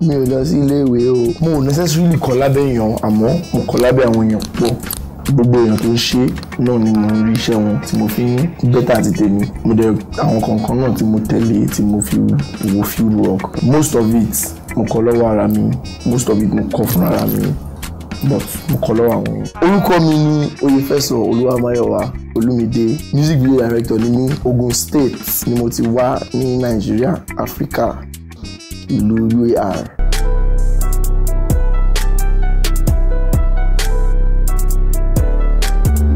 mi ò lọ sí ilé ìwé o mo ò necessarily kọ́ lábẹ́ èèyàn àmọ́ mo kọ́ lábẹ́ àwọn èèyàn pọ̀ gbogbo èèyàn tó ń ṣe náà ni mo rí iṣẹ́ wọn tí mo fi ń bẹ́tà ti tèmi mo dẹ̀ àwọn kọ̀ọ̀kan náà tí mo tẹ̀lé tí mo fi wo field work most of it mo kọ́ lọ́wọ́ ara mi most of it mo kọ́ fún ara mi but mo kọ́ lọ́wọ́ àwọn èèyàn. orúkọ mi ni oyefẹsọ olúwamáyọ̀wá olúmídé music video director ni mí Ogun State ni mo ti wá ní Nàìjíríà Áfíríkà ìlú UAR.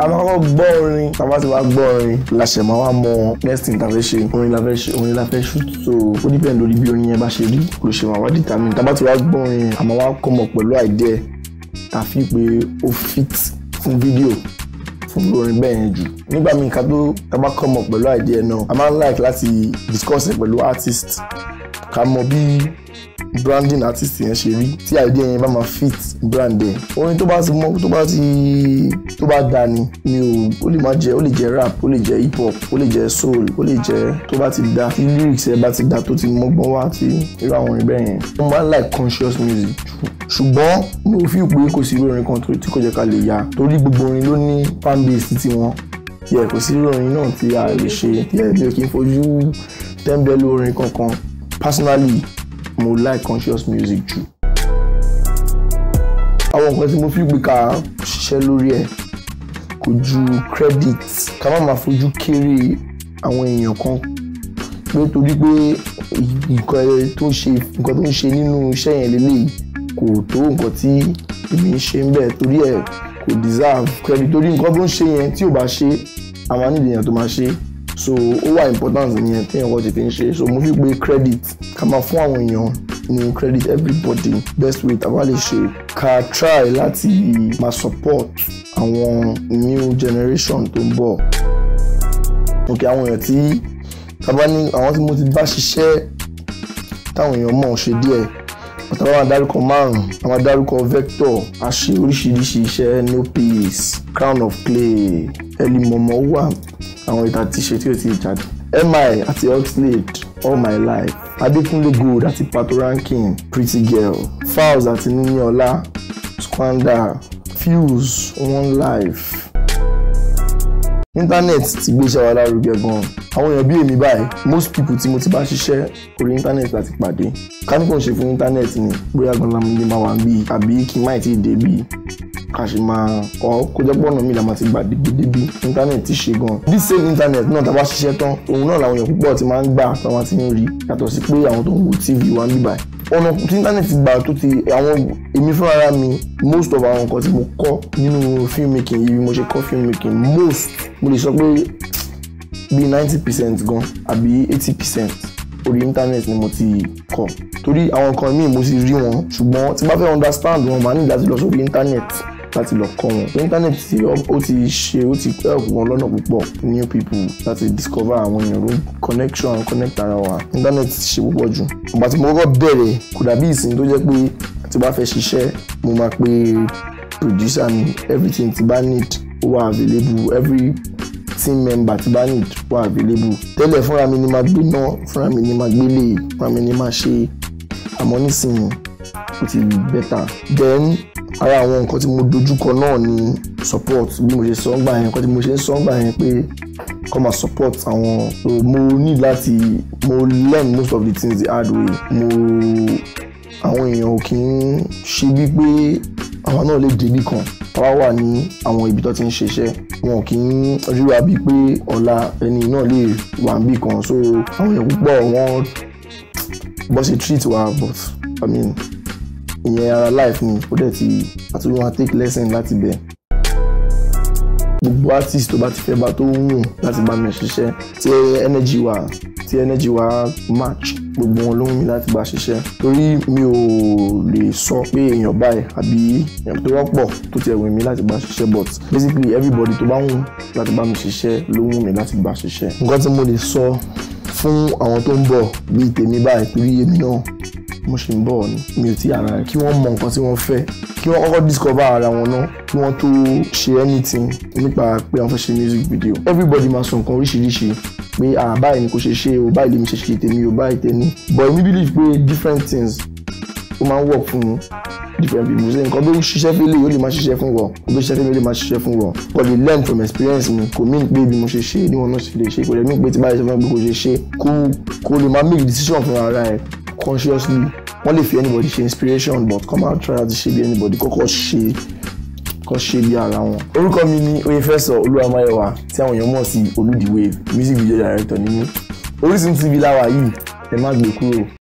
a máa kọ́kọ́ gbọ́ orin tá a bá ti wá gbọ́ orin la ṣẹ̀ máa wá mọ next thing ta fẹ́ ṣe orin la fẹ́ ṣe orin la fẹ́ shoot so ó depend lórí bí orin yẹn bá ṣe rí ló ṣe máa wá determine tá a bá ti wá gbọ́ orin a máa wá come up pẹ̀lú idea tá a fi pé ó fit fún fídíò fún orin bẹ́ẹ̀ yẹn jù nígbà míì ká tó tá a bá come up pẹ̀lú idea náà a máa ń like láti discuss it pẹ̀lú artist ká mọ bí branding artist yẹn ṣe rí tí idea yẹn bá máa fit brand yẹn orin tó bá ti mọ tó bá ti tó bá da ni mi ò ó lè máa jẹ ó lè jẹ rap ó lè jẹ hip hop ó lè jẹ soul ó lè jẹ tó bá ti da tí lyrics ẹ bá ti da tó ti mọ́gbọ́n wá ti irú àwọn orin bẹ́ẹ̀ yẹn mo máa ń like conscious music ṣùgbọ́n mi ò fi ìpè kò sí irú orin kan tí kò jẹ́ ká lè ya torí gbogbo orin ló ní fanbase ti wọn yẹ kò sí irú orin náà tí a lè ṣe yẹ bí o fojú tẹ́ńbẹ́lú orin kankan personally mo like conscious music jù àwọn nǹkan tí mo fi gbé ká ṣiṣẹ́ lórí ẹ̀ kò ju credit ká má máa fojú kéré àwọn èèyàn kan pé nǹkan tó nǹkan tó ń ṣe nínú iṣẹ́ yẹn lélẹ́yìí kò tó nǹkan tí èmi ń ṣe ń bẹ̀ torí ẹ̀ kò deserve credit torí nǹkan tó ń ṣe yẹn tí ò bá ṣe àwọn àníyàn tó máa ṣe so ó wà importance nìyẹn téèyàn kọ́ ti fi ń ṣe so mo fi pé credit ká máa fún àwọn èèyàn ní credit everybody best way tá a bá lè ṣe ká try láti máa support àwọn new generation tó ń bọ̀ ok àwọn èèyàn tí tá a bá ní àwọn tí mo ti bá ṣiṣẹ́ táwọn èèyàn mọ̀ ṣe díẹ̀ tá a bá máa dárúkọ márùn-ún a vector a ṣe oríṣiríṣi iṣẹ́ no peace crown of clay early momo wà àwọn ìta tí ṣe tí ó ti jáde mi àti oxlade all my life adékúnlé gold àti pato ranking pretty girl falz àti níní ọlá squander fuse one life internet ti gbé iṣẹ́ wa lárugẹ gan-an àwọn èèyàn bí èmi báyìí most people tí mo ti bá ṣiṣẹ́ orí internet láti pàdé ká ní kò ń ṣe fún internet ni bóyá gan-an mo lè máa wà bíi àbí kí n má ti dé bíi ká ṣe máa ọ kó jẹ́ pọ́nà mi là máa ti gbà débi débi internet ti ṣe gan-an this same internet náà tá a bá ṣiṣẹ́ tán òun náà làwọn èèyàn púpọ̀ ti máa ń gbà tá a ti ń rí yàtọ̀ sí pé àwọn tó ń wo tv wa ń ọ̀nà tí íńtánẹ́ẹ̀tì gbà tó ti àwọn èmi fúnra mi most of àwọn nǹkan tí mo kọ́ nínú filmmaking yìí mo ṣe kọ́ filmmaking most mo lè sọ pé bíi ninety percent gan àbí eighty percent orí íńtánẹ́ẹ̀tì ni mo ti kọ́ torí àwọn nǹkan míì mo ti rí wọn ṣùgbọ́n tí bá fẹ́ understand wọn màá nígbà tí lọ sórí íńtánẹ́ẹ̀tì láti lọ kọ́ wọn. internet ti ó ti ṣe ó ti help wọn lọ́nà púpọ̀ new people láti discover àwọn èèyàn ló connection and connect ara wa internet ti ṣe púpọ̀ jù. ọ̀gbà tí mo kọ́kọ́ bẹ̀rẹ̀ kò dàbí ìsìn tó jẹ́ pé tí bá fẹ́ ṣiṣẹ́ mo máa pe producer mi everything tí bá need ó wà available every team member tí bá need wà available tẹ́lẹ̀ fúnra mi ni máa gbé náà fúnra mi ni máa gbélé fúnra mi ni máa ṣe àmọ́ nísìnyí ó ti bẹ́tà then ara àwọn nǹkan tí mo dojúkọ náà ni support bí mo ṣe sọ ń gbà yẹn nǹkan tí mo ṣe ń sọ ń gbà yẹn pé kọ́ máa support àwọn so mo need láti mo learn most of the things the hard way mo àwọn èèyàn ò kì í ṣe wípé àwọn náà lè débì kan táwa wà ní àwọn ibi tó ti ń ṣiṣẹ́ wọn kì í ríra bíi pé ọ̀la ẹni náà lè wà níbì kan so àwọn èèyàn púpọ̀ wọ́n bọ́ sí treat wa but i mean ìyẹn ara life mi ó dẹ̀ ti àtúntò máa take lesson láti bẹ̀ gbogbo artist tó bá ti fẹ́ bá tó wù láti bá mi ṣiṣẹ́ tí energy wa tí energy wa match gbogbo wọn ló ń mi láti bá ṣiṣẹ́ torí mi ò lè sọ pé èèyàn báyìí àbí èèyàn tó wọ́pọ̀ tó ti ẹ̀wìn mi láti bá ṣiṣẹ́ but basically everybody tó bá wù láti bá mi ṣiṣẹ́ ló wù mí láti bá ṣiṣẹ́ nǹkan tí mo lè sọ fún àwọn tó ń bọ̀ bíi tèmi báyìí torí èmi náà mo ṣì ń bọ̀ ni mi ò tí ara rẹ̀ kí wọ́n mọ nǹkan tí wọ́n fẹ́ kí wọ́n kọ́kọ́ discover ara wọn náà kí wọ́n tó ṣe anything nípa pé wọ́n fẹ́ ṣe music video everybody máa sọ nǹkan oríṣiríṣi pé ah báyìí ni kò ṣe ṣe o báyìí lèmi ṣe ṣe tèmi o báyìí tèmi but we believe pé different things ó máa ń work fún different people ṣe nǹkan bí ó ṣiṣẹ́ fún ilé yìí ó lè máa ṣiṣẹ́ fún wọn ó bí ó ṣiṣẹ́ fún ilé máa ṣiṣẹ́ fún wọn kò lè learn from experience mi kò mí pé bí mo ṣe ṣe ni wọn náà ṣe lè ṣe kò lè mí pé tí báyìí ṣe fún mi kò ṣe ṣe kó kó lè máa make decision fún ara ẹ̀ consciously ah. wọ́n lè fi anybody ṣe inspiration but come out try out ṣe bí anybody kọ́kọ́ ṣe kọ́ ṣe bí ara wọn. orúkọ mi ni oyefẹsọ olúwamáyẹwà tí àwọn èèyàn mọ̀ sí olúdi wave music video director ni mí Orísun TV láwa yìí ẹ má gbé kúrò.